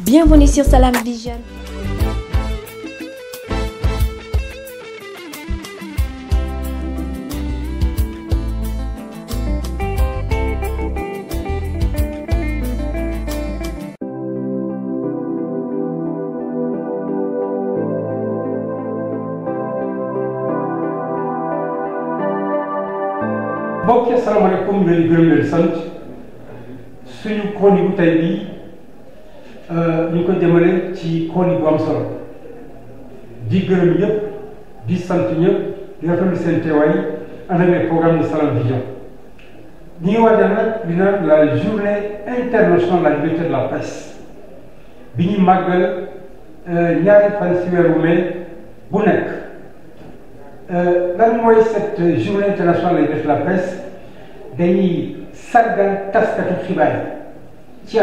Bienvenue sur Salam Vision. mbokk yi asalaamaaleykum ñu ngi leen gërëm leen sant suñu chronique tey bii. Euh, ñu ngi ko jëmale ci chronique solo di gërëm ñëpp di sant ñëpp di rafetlu seen teewaay ànd programme de Salam Vision ñu ngi waajal nag la journée internationale de la liberté bi ñu màggal euh, ñaari fan si weeru mai bu nekk euh, lan mooy cette journée internationale de de la presse dañuy sargal taskatu xibaar yi ci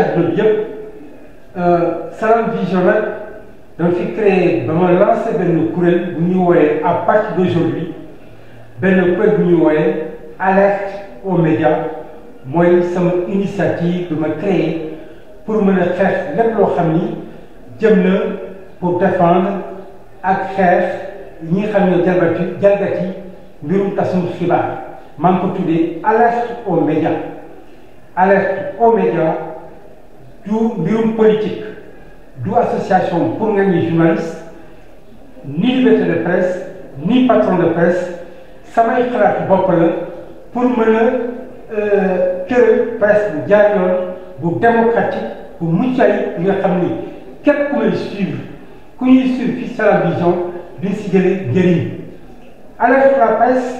Euh, salam Vision nag dama fi créé dama lancé benn kuréel bu ñu wooyee à partir d'aujourd'hui benn kuréel bu ñu wooyee alerte aux médias mooy sama initiative bi ma pour mun a xeex lépp loo xam ni jëm na pour défendre ak xeex ñi nga xam ne jalgati jalgati mbirum tasum xibaar maa ngi ko tuddee alerte aux médias alerte du mbirum politique du association pour nga ñuy journaliste ni liberté de presse ni patron de presse samay xalaat bopp la pour mën a euh, tëral bu jaar bu démocratique bu mucc ayib bi nga xam ni képp ku may suivre ku ñuy suivre fii Salam Vision di si jëlee njëriñ alerte la presse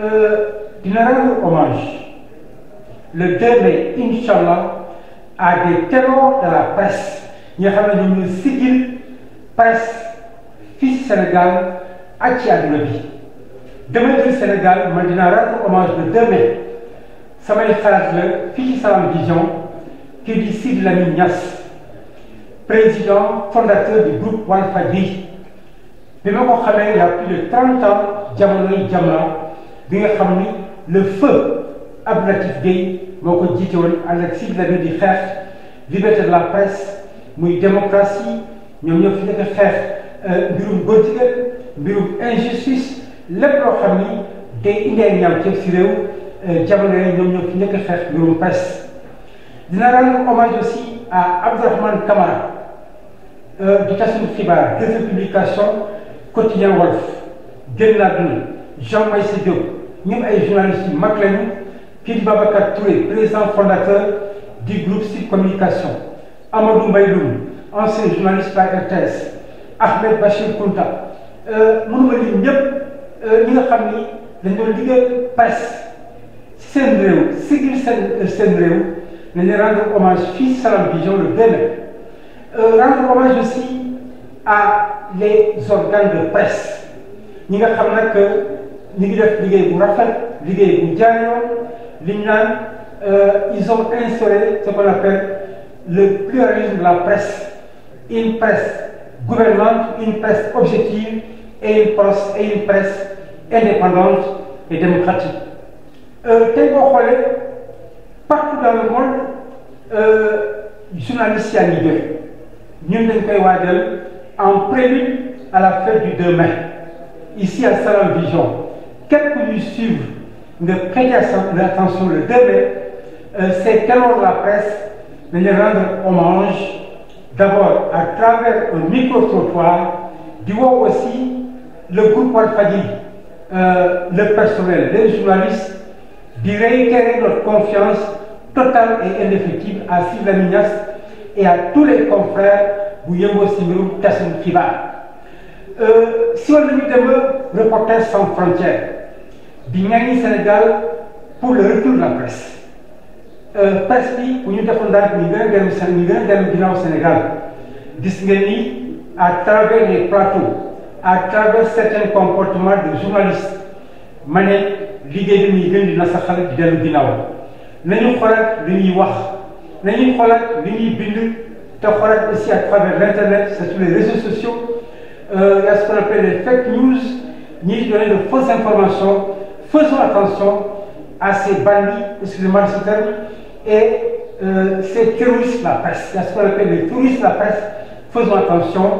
euh, dina rendre hommage le 2 mai a des ténors de la presse ñi nga xam ne ñu sigil presse fii ci Sénégal ak ci àdduna bi demain ci Sénégal man dinaa rendre hommage de deux mai samay xalaat la fii ci Salam Vision kii di Sidy président fondateur du groupe Walfadjri bi ma ko xamee il y a plus de trente ans jamonoy jamono bi nga le feu Abdou Latif Gueye moo ko jiite woon ànd di xeex liberté de la presse muy démocratie ñoom ñoo fi nekk xeex euh, mbirum bëtiga mbirum injustice lépp loo xam ni day indi ay ñaaw ci réew euh, jamono ñoom ñoo fi xeex mbirum presse dina rendre hommage aussi à Abdourahmane Camara euh, du tasum xibaar de sa publication quotidien Walf Jean Maïssa Diop ñoom ay journalistes yu mag lañu Kid Babacar Touré président fondateur du groupe Sud Communication Amadou Mbaye Loum ancien journaliste par RTS Ahmed Bachir Kounta euh, mënuma lim ñëpp euh, ñi nga xam ni dañ doon liggéey presse seen réew sigil seen euh, seen réew nañu rendre hommage fii Salam Vision le 2 mai rendre hommage aussi à les organes de presse ñi nga xam nag ñu ngi def liggéey bu rafet liggéey bu jaayoo. liñ naan euh, ils ont instauré ce qu'on appelle le pluralisme de la presse une presse gouvernante une presse objective et une presse et une presse indépendante et démocratique euh, tey boo xoolee partout dans le monde euh, journalistes yaa ngi jóge en prélude à la fête du 2 mai ici à Salam Vision képp ku suivre. de prêter attention le 2 euh, c'est qu'alors la presse de les rendre hommage d'abord à travers un micro-trottoir, du aussi le groupe Al-Fadi, euh, le personnel, les journalistes, de réitérer notre confiance totale et indéfectible à Sylvain Minas et à tous les confrères Bouyembo Simirou Tassoum Kiba. Euh, sur le numéro de reporter sans frontières, bi ŋaññi Sénégal pour le retour de la presse presse bi bu ñu defoon daal ñu gën a dellu seen ñu gën a dellu ginnaaw Sénégal gis ngeen ni à travers les plateaux à travers certains comportements de journalistes ma ne liggéey bi ñuy gën di nasaxal di dellu nañu xoolaat li ñuy wax nañu xoolaat li ñuy bind te xoolaat aussi à travers l' internet c' les réseaux sociaux y a ce qu'on appelle les fake news ñiy donner de fausses informations. faisons attention à ces bandits, excusez-moi ce terme, et euh, ces terroristes la presse, c'est ce qu'on appelle terroristes la presse, attention,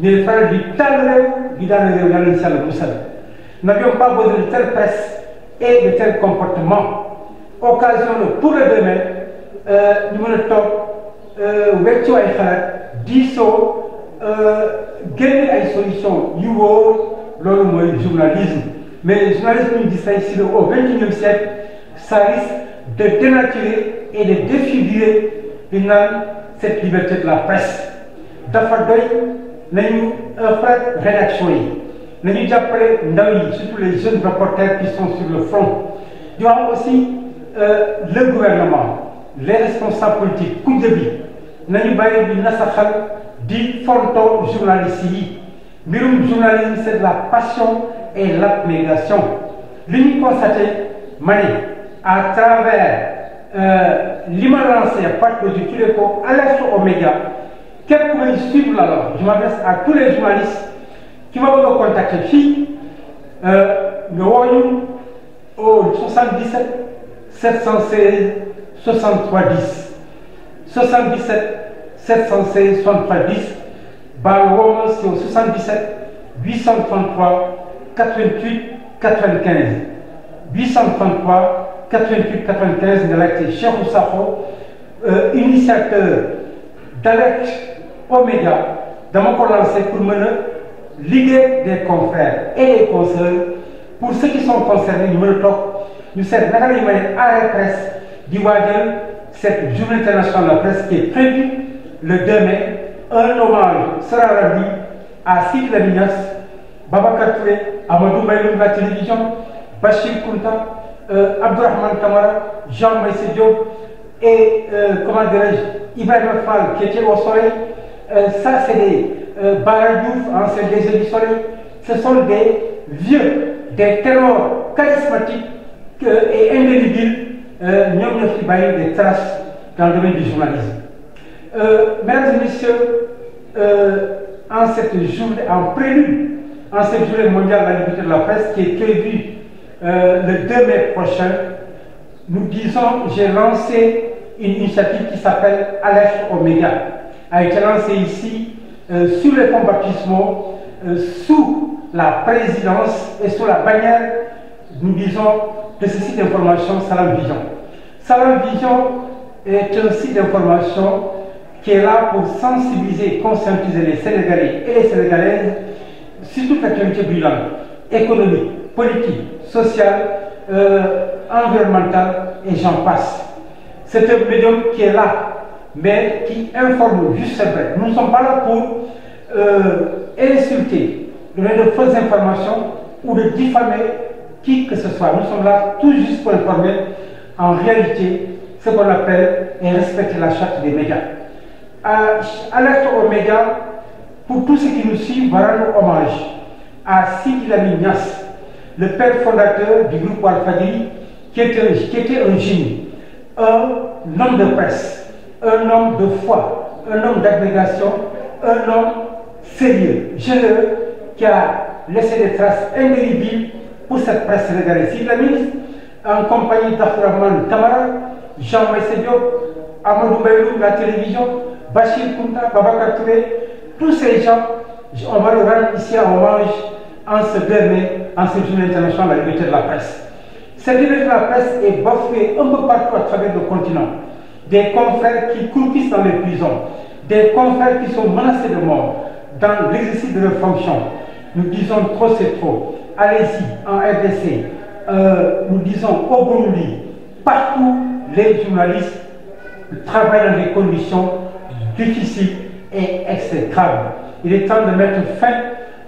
mais faire du tel réew di daan réew yàlla ñu sàll bu sell n'avions pas besoin de telle et de tel comportement occasion pour le demain euh, ñu mën a toog euh, weccu ay xalaat diisoo euh, génn ay solution yu journalisme Mais journalisme dit au XXIe siècle, ça risque de dénaturer et de défigurer cette liberté de la presse. Dafa doy nañu un rédaction yi nañu jàppale ndaw surtout les jeunes reporters qui sont sur le front di aussi euh, le gouvernement les responsables politiques kujje bi nañu bàyyi bi nasaxal di fontoo journalistes yi mbirum journalisme c'est de la passion et l'abnégation li ñu constaté ma ne à travers euh, li ma lancé parce que je tiré ko alerte aux médias suivre la la je m'adresse à tous les journalistes qui ma bëgg a contacter fii euh, au 77 716 63 10 77 716 63 10 ba woo ma si au 77 833 88 95 833 88 95 nga laajte Cheikhou Sakho euh, initiateur d'alerte aux médias pour mën a liggéey des confrères et des consoeurs pour ceux qui sont concernés ñu mën a toog ñu seet naka la arrêt presse di waajal cette journée internationale la presse qui prévue le 2 mai un sera rendu à Sidy Lamine Niass Babacar Touré Amadou Mbaye Loum la télévision Bachir Kounta euh, Abdourahmane Kamara Jean Maïssé Diop euh, comment dirais-je Ibrahima Fall qui était au soleil euh, ça c'est des Bara Diouf ancien DG du soleil ce sont des vieux des ténors charismatiques et indélébiles ñoom ñoo fi bàyyi dans le domaine du journalisme mesdames et en cette journée en prélude en cette journée mondiale de la liberté de la presse qui est prévue euh, le 2 mai prochain, nous disons, j'ai lancé une initiative qui s'appelle Alerte aux médias, a été ici euh, sous les fonds baptismaux, euh, sous la présidence et sous la bannière, nous disons, de ce site d'information Salam Vision. Salam Vision est un site d'information qui est là pour sensibiliser et conscientiser les Sénégalais et les Sénégalaises si su fekkente bilan économique politique sociale euh, environnementale et j'en passe c'est un médium qui est là mais qui informe juste c'est vrai nous ne sommes pas là pour euh, insulter donner de fausses informations ou de diffamer qui que ce soit nous sommes là tout juste pour informer en réalité ce qu'on appelle et respecter la charte des médias à alerte aux médias pour tous ceux qui nous suivent va rendre hommage à Sidi Lamine Niass, le père fondateur du groupe Walfadjri, qui était, qui était un génie, un homme de presse, un homme de foi, un homme d'agrégation, un homme sérieux, généreux, qui a laissé des traces indélébiles pour cette presse sénégalaise. Sidi en compagnie d'Aframan Tamara, Jean Messedio, Amadou Bayrou, la télévision, Bachir Kounta, Babacar Tous ces gens, on va les rendre ici à Orange en ce dernier, en cette journée internationale de la de la presse. Cette liberté de la presse est bafouée un peu partout à travers le continent. Des confrères qui croupissent dans les prisons, des confrères qui sont menacés de mort dans l'exercice de leurs fonctions. Nous disons trop c'est trop. Allez-y, en RDC, euh, nous disons au Burundi, partout les journalistes travaillent des conditions difficiles est exécrable. Il est temps de mettre fin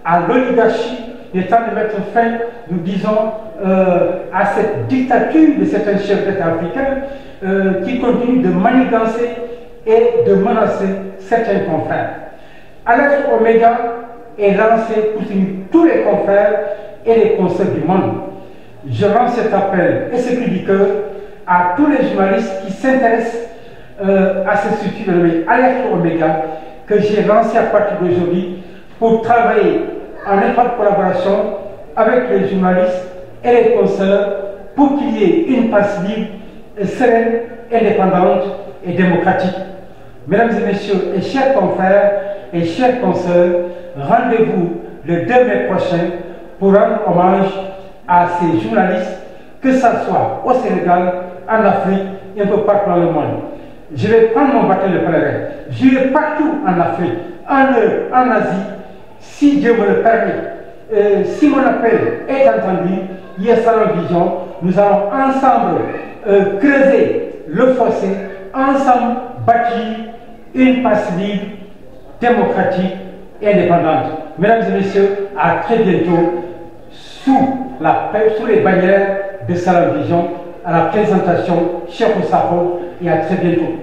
à l'oligarchie, il est temps de mettre fin, nous disons, euh, à cette dictature de certains chefs d'État euh, qui continuent de manigancer et de menacer certains confrères. Alex Omega est lancé pour tous les confrères et les conseils du monde. Je rends cet appel et ce cri à tous les journalistes qui s'intéressent euh, à ce sujet de Alex que j'ai lancé à partir d'aujourd'hui pour travailler en étroite collaboration avec les journalistes et les consoeurs pour qu'il y ait une passe libre, sereine, indépendante et démocratique. Mesdames et messieurs, et chers confrères et chers consoeurs, rendez-vous le 2 prochain pour rendre hommage à ces journalistes, que ce soit au Sénégal, en Afrique et un peu dans le monde. Je vais prendre mon bâton de pèlerin. J'irai partout en Afrique, en Asie, si Dieu me le permet. Euh, si mon appel est entendu, hier Salon Vision, nous allons ensemble euh, creuser le fossé, ensemble bâtir une démocratique et indépendante. Mesdames et messieurs, à très bientôt sous, la, sous les bannières de Salon Vision à la présentation Cheikh Oussafo et à très bientôt.